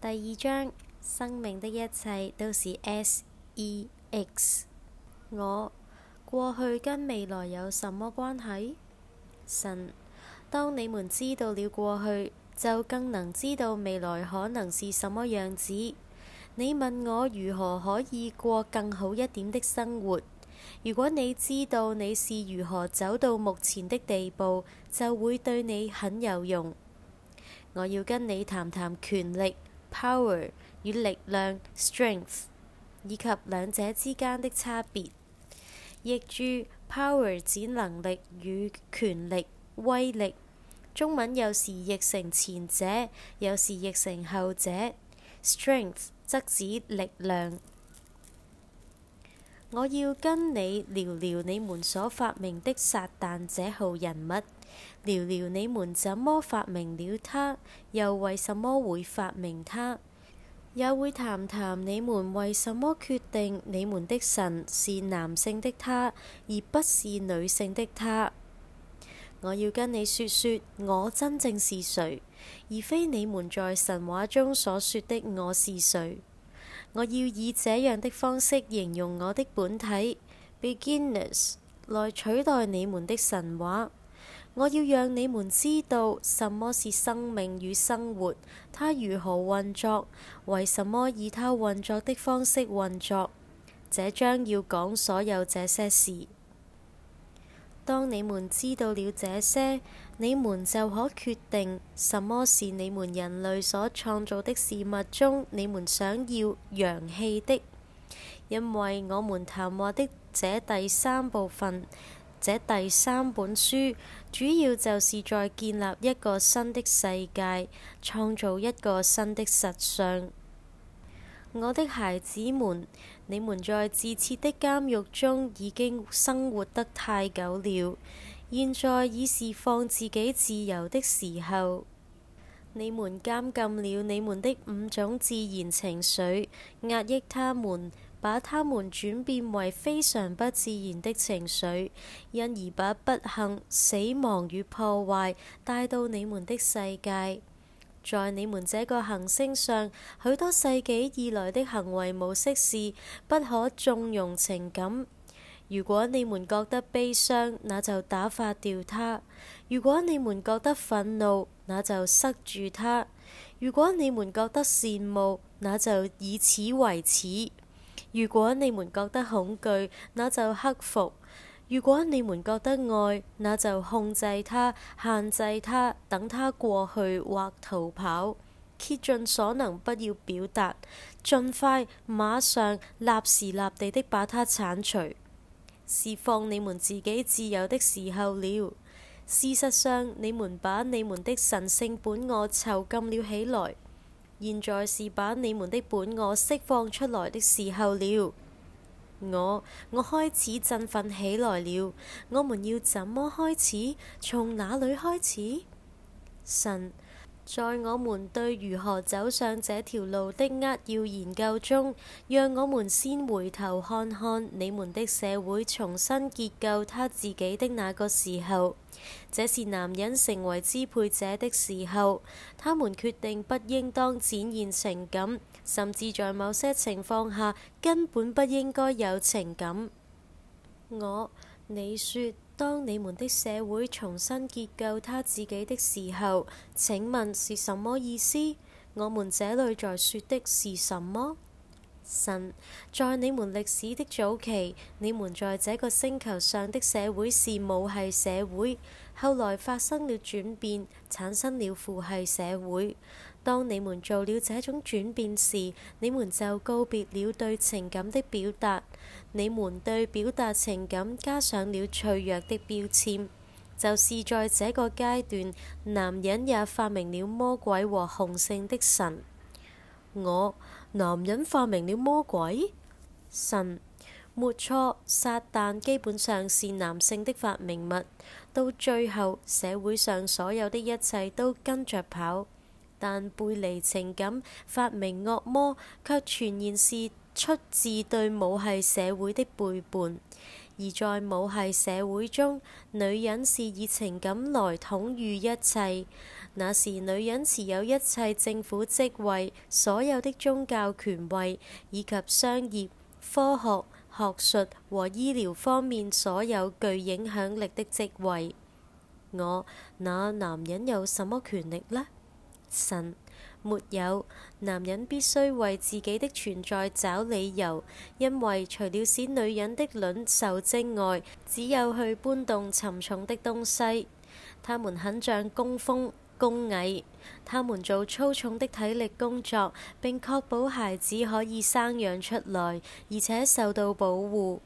第二章，生命的一切都是 S.E.X。我過去跟未來有什麼關係？神，當你們知道了過去，就更能知道未來可能是什麼樣子。你問我如何可以過更好一點的生活？如果你知道你是如何走到目前的地步，就會對你很有用。我要跟你談談權力。power 與力量 strength 以及兩者之間的差別。譯注 power 指能力與權力、威力，中文有時譯成前者，有時譯成後者。strength 則指力量。我要跟你聊聊你們所發明的撒但這號人物。聊聊你們怎麼發明了他，又為什麼會發明他。也會談談你們為什麼決定你們的神是男性的他，而不是女性的他。我要跟你說說我真正是誰，而非你們在神話中所說的我是誰。我要以這樣的方式形容我的本體 beginners 來取代你們的神話。我要讓你們知道什麼是生命與生活，它如何運作，為什麼以它運作的方式運作。這將要講所有這些事。當你們知道了這些，你們就可決定什麼是你們人類所創造的事物中你們想要揚棄的，因為我們談話的這第三部分。這第三本書主要就是在建立一個新的世界，創造一個新的實相。我的孩子們，你們在自設的監獄中已經生活得太久了，現在已是放自己自由的時候。你們監禁了你們的五種自然情緒，壓抑他們。把他們轉變為非常不自然的情緒，因而把不幸、死亡與破壞帶到你們的世界。在你們這個行星上，許多世紀以來的行為模式是不可縱容情感。如果你們覺得悲傷，那就打發掉它；如果你們覺得憤怒，那就塞住它；如果你們覺得羨慕，那就以此為恥。如果你們覺得恐懼，那就克服；如果你們覺得愛，那就控制它、限制它，等它過去或逃跑，竭盡所能不要表達，盡快馬上立時立地的把它鏟除。是放你們自己自由的時候了。事實上，你們把你們的神聖本我囚禁了起來。現在是把你們的本我釋放出來的時候了。我，我我開始振奮起來了。我們要怎麼開始？從哪裏開始？神，在我們對如何走上這條路的扼要研究中，讓我們先回頭看看你們的社會重新結構他自己的那個時候。這是男人成為支配者的時候，他們決定不應當展現情感，甚至在某些情況下根本不應該有情感。我，你說，當你們的社會重新結構他自己的時候，請問是什麼意思？我們這裏在說的是什麼？神，在你們歷史的早期，你們在這個星球上的社會是母系社會。後來發生了轉變，產生了父系社會。當你們做了這種轉變時，你們就告別了對情感的表達。你們對表達情感加上了脆弱的標籤。就是在這個階段，男人也發明了魔鬼和雄性的神。我。男人發明了魔鬼，神，沒錯，撒旦基本上是男性的發明物。到最後，社會上所有的一切都跟着跑，但背離情感、發明惡魔，卻全然是出自對母系社會的背叛。而在母系社會中，女人是以情感來統御一切。那時女人持有一切政府職位、所有的宗教權位以及商業、科學、學術和醫療方面所有具影響力的職位。我那男人有什麼權力呢？神沒有。男人必須為自己的存在找理由，因為除了使女人的卵受精外，只有去搬動沉重的東西。他們很像工蜂。工蟻，他們做粗重的體力工作，並確保孩子可以生養出來，而且受到保護。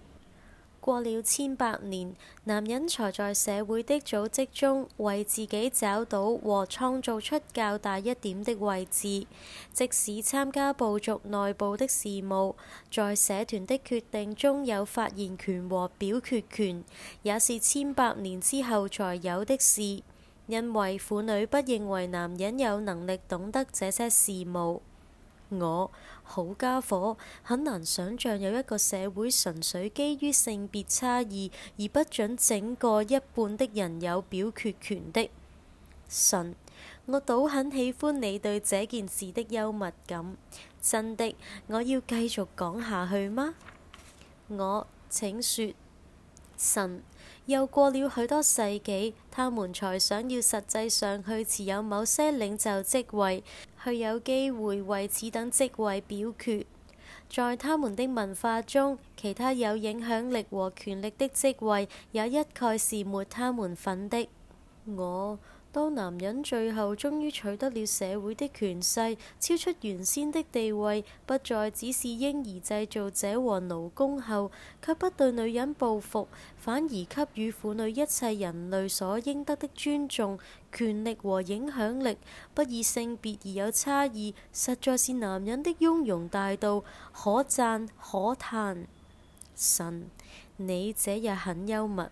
過了千百年，男人才在社會的組織中為自己找到和創造出較較大一點的位置，即使參加部族內部的事務，在社團的決定中有發言權和表決權，也是千百年之後才有的事。因為婦女不認為男人有能力懂得這些事務。我，好家伙，很難想象有一個社會純粹基於性別差異而不准整個一半的人有表決權的。神，我倒很喜歡你對這件事的幽默感。真的，我要繼續講下去嗎？我，請說，神。又過了許多世紀，他們才想要實際上去持有某些領袖職位，去有機會為此等職位表決。在他們的文化中，其他有影響力和權力的職位也一概是沒他們份的。我。當男人最後終於取得了社會的權勢，超出原先的地位，不再只是嬰兒製造者和勞工後，卻不對女人報復，反而給予婦女一切人類所應得的尊重、權力和影響力，不以性別而有差異，實在是男人的雍容大度，可讚可嘆。神，你這也很幽默。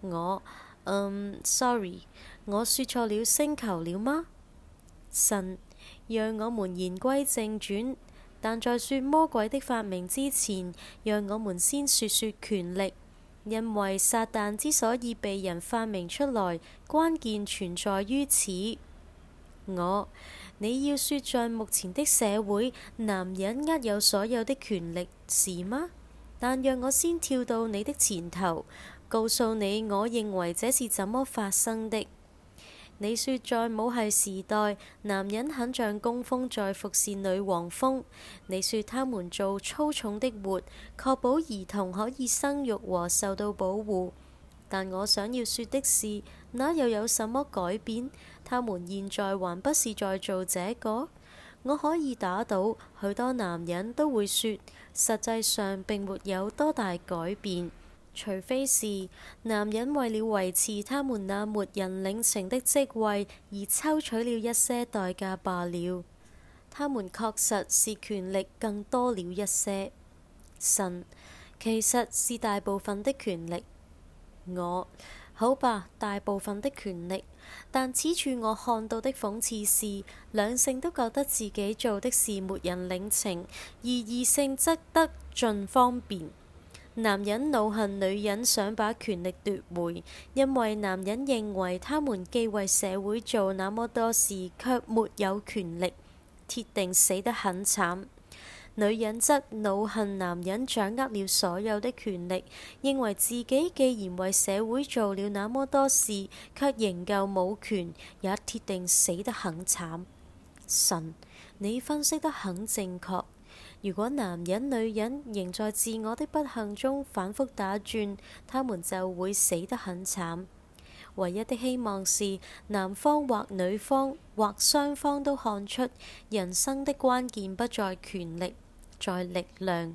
我、um，sorry. 我說錯了星球了嗎？神，讓我們言歸正傳。但在說魔鬼的發明之前，讓我們先說說權力。因為撒旦之所以被人發明出來，關鍵存在於此。我，你要説在目前的社會，男人握有所有的權力，是嗎？但讓我先跳到你的前頭，告訴你，我認為這是怎麼發生的。你說在母系時代，男人很像工蜂在服侍女黃蜂。你說他們做粗重的活，確保兒童可以生育和受到保護。但我想要說的是，那又有什麼改變？他們現在還不是在做這個？我可以打賭許多男人，都會說，實際上並沒有多大改變。除非是男人為了維持他們那沒人領情的職位而抽取了一些代價罷了，他們確實是權力更多了一些。神其實是大部分的權力，我好吧，大部分的權力。但此處我看到的諷刺是，兩性都覺得自己做的事沒人領情，而異性則得盡方便。男人惱恨女人想把權力奪回，因為男人認為他們既為社會做那麼多事，卻沒有權力，鐵定死得很慘。女人則惱恨男人掌握了所有的權力，認為自己既然為社會做了那麼多事，卻仍舊冇權，也鐵定死得很慘。神，你分析得很正確。如果男人、女人仍在自我的不幸中反覆打轉，他們就會死得很慘。唯一的希望是男方或女方或雙方都看出人生的關鍵不在權力，在力量。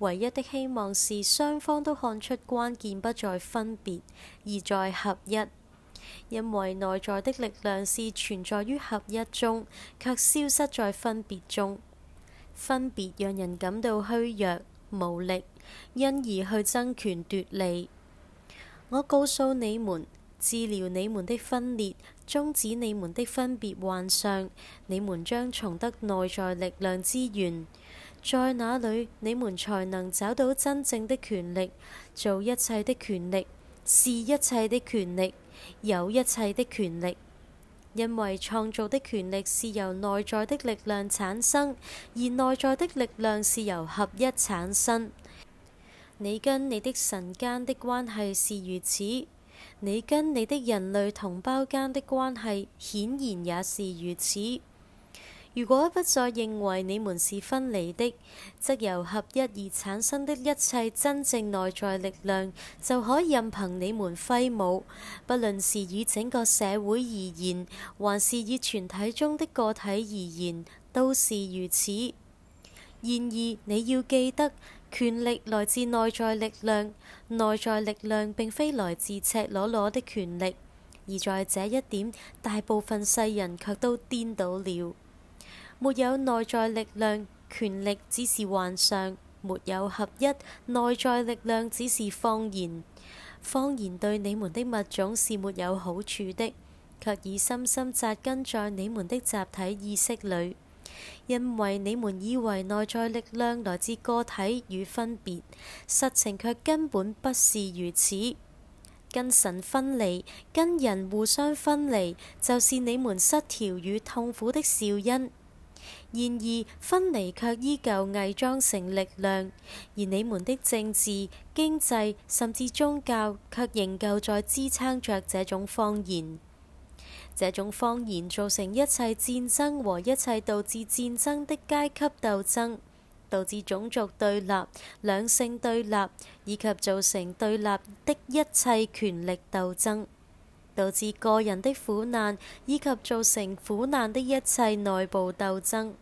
唯一的希望是雙方都看出關鍵不在分別而在合一，因為內在的力量是存在於合一中，卻消失在分別中。分別讓人感到虛弱無力，因而去爭權奪利。我告訴你們治療你們的分裂，終止你們的分別幻象，你們將重得內在力量之源。在哪裏，你們才能找到真正的權力？做一切的權力，是一切的權力，有一切的權力。因為創造的權力是由內在的力量產生，而內在的力量是由合一產生。你跟你的神間的關係是如此，你跟你的人類同胞間的關係顯然也是如此。如果不再認為你們是分離的，則由合一而產生的一切真正內在力量，就可以任憑你們揮舞。不論是以整個社會而言，還是以全體中的個體而言，都是如此。然而，你要記得，權力來自內在力量，內在力量並非來自赤裸裸的權力，而在這一點，大部分世人卻都顛倒了。沒有內在力量，權力只是幻想，沒有合一，內在力量只是謊言。謊言對你們的物種是沒有好處的，卻已深深扎根在你們的集體意識裡。因為你們以為內在力量來自個體與分別，實情卻根本不是如此。跟神分離，跟人互相分離，就是你們失調與痛苦的肇因。然而分離却依舊偽裝成力量，而你們的政治、經濟甚至宗教却仍舊在支撐着這種謊言。這種謊言造成一切戰爭和一切導致戰爭的階級鬥爭，導致種族對立、兩性對立以及造成對立的一切權力鬥爭。導致個人的苦難，以及造成苦難的一切內部鬥爭。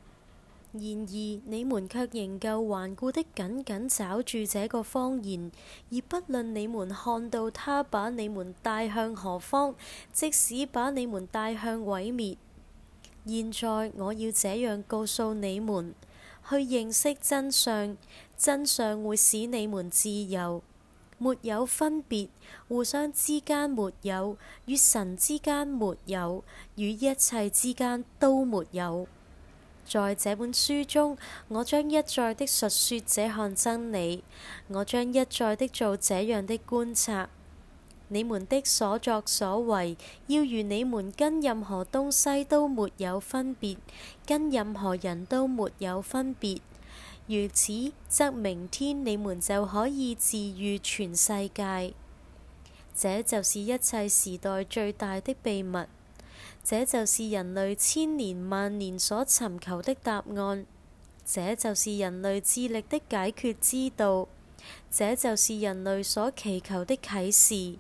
然而，你們卻仍舊頑固的緊緊抓住這個謊言，而不論你們看到他把你們帶向何方，即使把你們帶向毀滅。現在，我要這樣告訴你們：去認識真相，真相會使你們自由。沒有分別，互相之間沒有，與神之間沒有，與一切之間都沒有。在這本書中，我將一再的述說這項真理，我將一再的做這樣的觀察。你們的所作所為，要如你們跟任何東西都沒有分別，跟任何人都沒有分別。如此，則明天你們就可以治愈全世界。這就是一切時代最大的秘密，這就是人類千年萬年所尋求的答案，這就是人類智力的解決之道，這就是人類所祈求的啟示。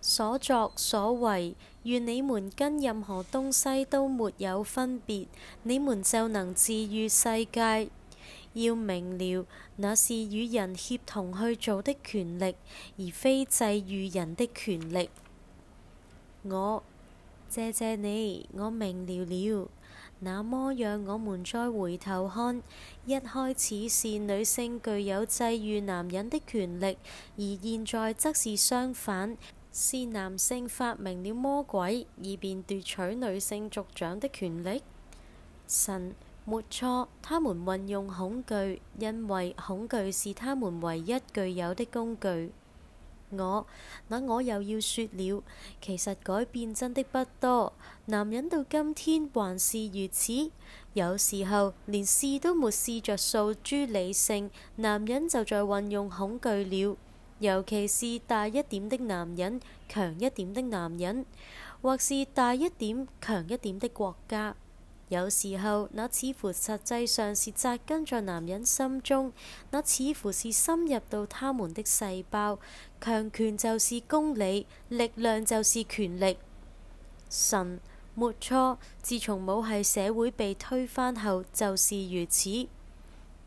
所作所為，願你們跟任何東西都沒有分別，你們就能治愈世界。要明了，那是與人協同去做的權力，而非制御人的權力。我謝謝你，我明了了。那麼讓我們再回頭看，一開始是女性具有制御男人的權力，而現在則是相反，是男性發明了魔鬼，以便奪取女性族長的權力。神。沒錯，他們運用恐懼，因為恐懼是他們唯一具有的工具。我，那我又要説了，其實改變真的不多。男人到今天還是如此，有時候連試都沒試著訴諸理性，男人就在運用恐懼了。尤其是大一點的男人，強一點的男人，或是大一點強一點的國家。有時候，那似乎實際上是紮根在男人心中，那似乎是深入到他們的細胞。強權就是公理，力量就是權力。神，沒錯，自從母系社會被推翻後就是如此。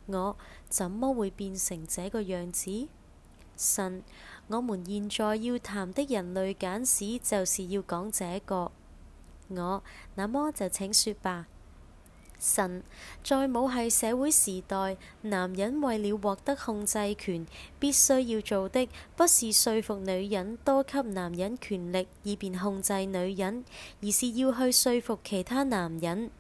我怎麼會變成這個樣子？神，我們現在要談的人類簡史，就是要講這個。我，那麼就請說吧。神，在母系社會時代，男人為了獲得控制權，必須要做的，不是說服女人多給男人權力以便控制女人，而是要去說服其他男人。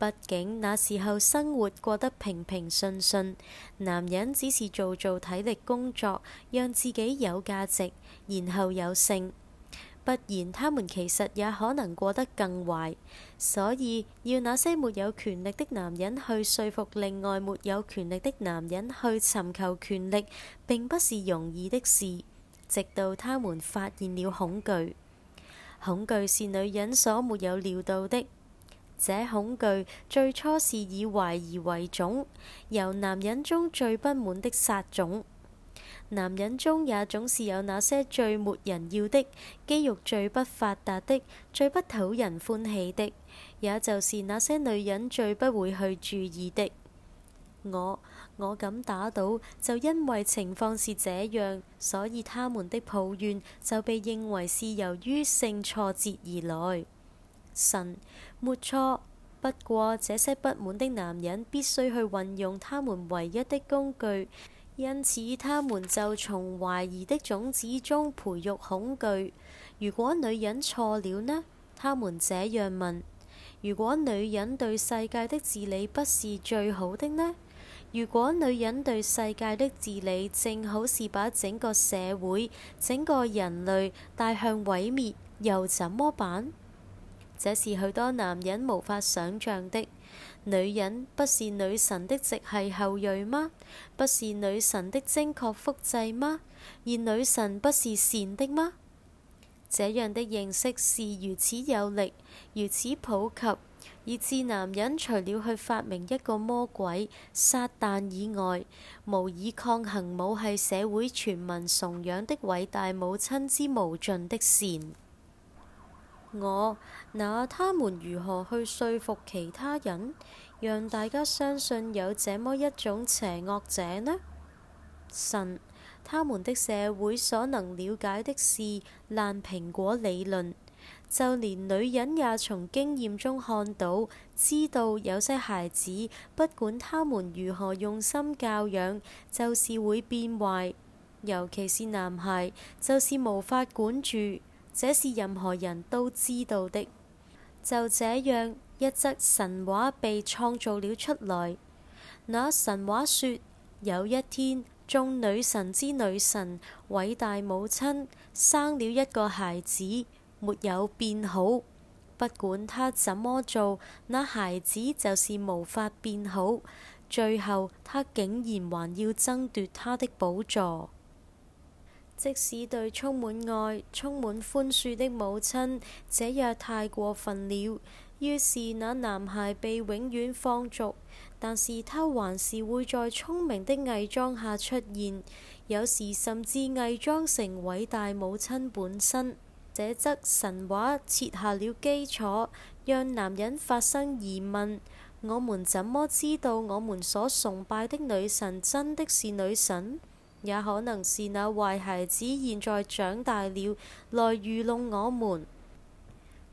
畢竟那時候生活過得平平順順，男人只是做做體力工作，讓自己有價值，然後有性。不然，他們其實也可能過得更壞。所以，要那些沒有權力的男人去說服另外沒有權力的男人去尋求權力，並不是容易的事。直到他們發現了恐懼，恐懼是女人所沒有料到的。這恐懼最初是以懷疑為種，由男人中最不滿的殺種。男人中也總是有那些最沒人要的、肌肉最不發達的、最不討人歡喜的，也就是那些女人最不會去注意的。我我敢打賭，就因為情況是這樣，所以他們的抱怨就被認為是由於性挫折而來。神，沒錯，不過這些不滿的男人必須去運用他們唯一的工具。因此，他們就從懷疑的種子中培育恐懼。如果女人錯了呢？他們這樣問。如果女人對世界的治理不是最好的呢？如果女人對世界的治理正好是把整個社會，整個人類帶向毀滅，又怎麼辦？這是許多男人無法想象的。女人不是女神的直系後裔嗎？不是女神的精確複製嗎？而女神不是善的嗎？這樣的認識是如此有力、如此普及，以致男人除了去發明一個魔鬼撒旦以外，無以抗衡母系社會全民崇仰的偉大母親之無盡的善。我、哦、那他們如何去說服其他人，讓大家相信有這麼一種邪惡者呢？神，他們的社會所能了解的是爛蘋果理論，就連女人也從經驗中看到，知道有些孩子不管他們如何用心教養，就是會變壞，尤其是男孩，就是無法管住。這是任何人都知道的。就這樣一則神話被創造了出來。那神話說，有一天，眾女神之女神、偉大母親生了一個孩子，沒有變好。不管她怎麼做，那孩子就是無法變好。最後，她竟然還要爭奪她的寶座。即使對充滿愛、充滿寬恕的母親，這也太過分了。於是那男孩被永遠放逐，但是他還是會在聰明的偽裝下出現，有時甚至偽裝成偉大母親本身。這則神話設下了基礎，讓男人發生疑問：我們怎麼知道我們所崇拜的女神真的是女神？也可能是那壞孩子，現在長大了來愚弄我們。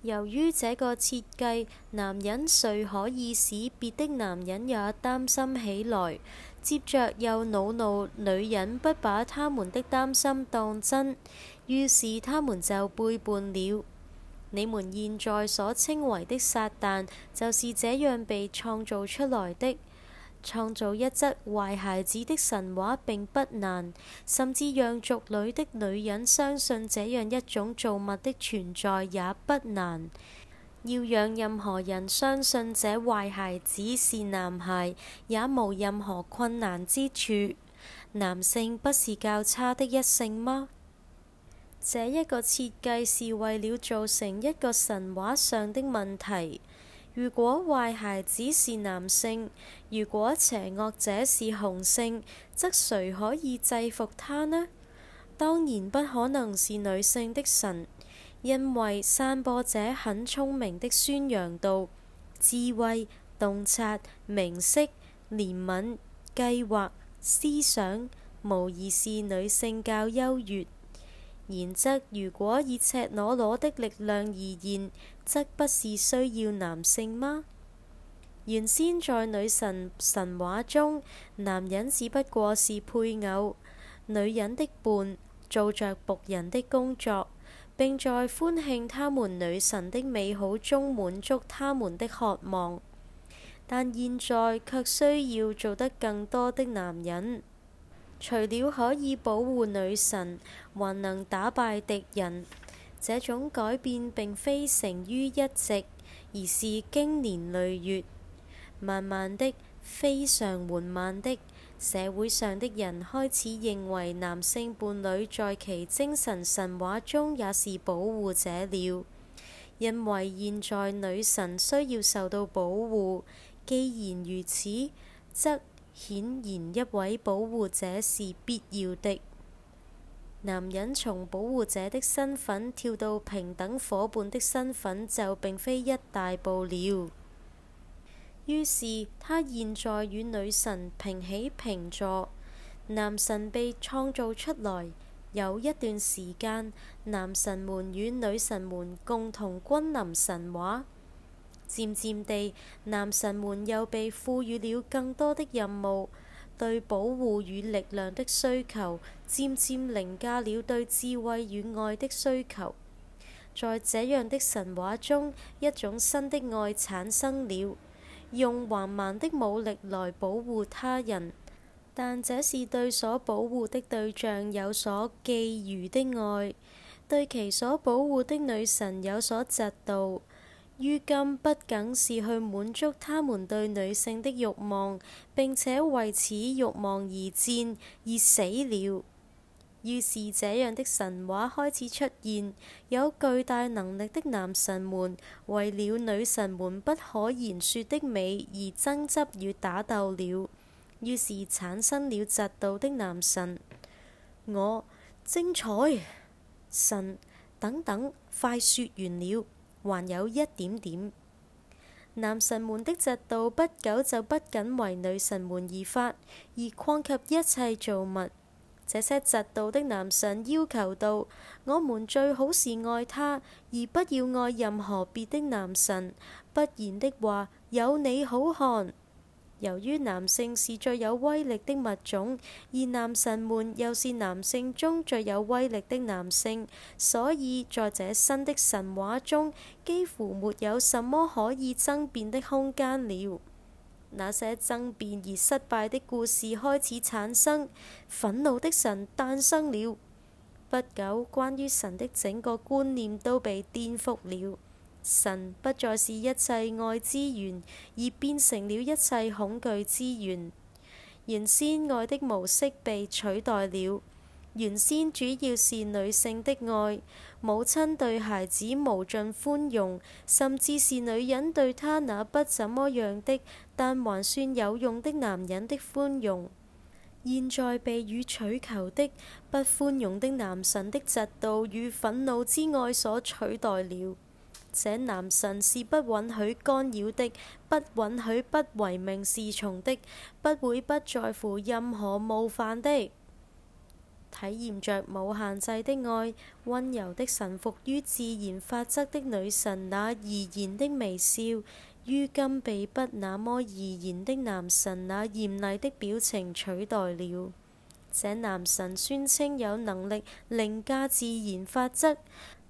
由於這個設計，男人遂可以使別的男人也擔心起來，接着又惱怒，怒女人不把他們的擔心當真，於是他們就背叛了。你們現在所稱為的撒旦，就是這樣被創造出來的。創造一則壞孩子的神話並不難，甚至讓族裏的女人相信這樣一種造物的存在也不難。要讓任何人相信這壞孩子是男孩，也無任何困難之處。男性不是較差的一性嗎？這一個設計是為了造成一個神話上的問題。如果壞孩子是男性，如果邪惡者是雄性，則誰可以制服他呢？當然不可能是女性的神，因為散播者很聰明的宣揚道：智慧、洞察、明晰、憐憫、計劃、思想，無疑是女性較優越。然則，如果以赤裸裸的力量而言，則不是需要男性嗎？原先在女神神話中，男人只不過是配偶、女人的伴，做著僕人的工作，並在歡慶他們女神的美好中滿足他們的渴望。但現在卻需要做得更多的男人。除了可以保護女神，還能打敗敵人。這種改變並非成於一夕，而是經年累月，慢慢的、非常緩慢的，社會上的人開始認為男性伴侶在其精神神話中也是保護者了。因為現在女神需要受到保護，既然如此，則顯然，一位保護者是必要的。男人從保護者的身份跳到平等夥伴的身份，就並非一大步了。於是，他現在與女神平起平坐。男神被創造出來，有一段時間，男神們與女神們共同君臨神話。漸漸地，男神們又被賦予了更多的任務，對保護與力量的需求漸漸凌駕了對智慧與愛的需求。在這樣的神話中，一種新的愛產生了，用橫蠻的武力來保護他人，但這是對所保護的對象有所寄予的愛，對其所保護的女神有所嫉妒。於今不僅是去滿足他們對女性的欲望，並且為此欲望而戰而死了。於是這樣的神話開始出現，有巨大能力的男神們為了女神們不可言說的美而爭執與打鬥了。於是產生了嫉妒的男神，我精彩神等等，快說完了。還有一點點，男神們的嫉妒不久就不僅為女神們而發，而擴及一切造物。這些嫉妒的男神要求道：我們最好是愛他，而不要愛任何別的男神，不然的話，有你好看！由於男性是最有威力的物種，而男神們又是男性中最有威力的男性，所以在這新的神話中，幾乎沒有什麼可以爭辯的空間了。那些爭辯而失敗的故事開始產生，憤怒的神誕生了。不久，關於神的整個觀念都被顛覆了。神不再是一切愛之源，而變成了一切恐懼之源。原先愛的模式被取代了。原先主要是女性的愛，母親對孩子無盡寬容，甚至是女人對他那不怎麼樣的但還算有用的男人的寬容，現在被予取求的不寬容的男神的嫉妒與憤怒之愛所取代了。這男神是不允許干擾的，不允許不唯命是從的，不會不在乎任何冒犯的，體驗着無限制的愛，溫柔的臣服於自然法則的女神，那怡然的微笑，如今被不那麼怡然的男神那嚴厲的表情取代了。這男神宣稱有能力凌駕自然法則。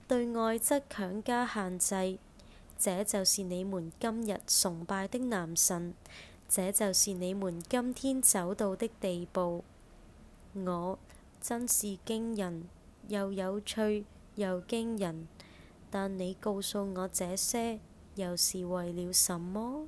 對外則強加限制，這就是你們今日崇拜的男神，這就是你們今天走到的地步。我真是驚人，又有趣又驚人，但你告訴我這些，又是為了什麼？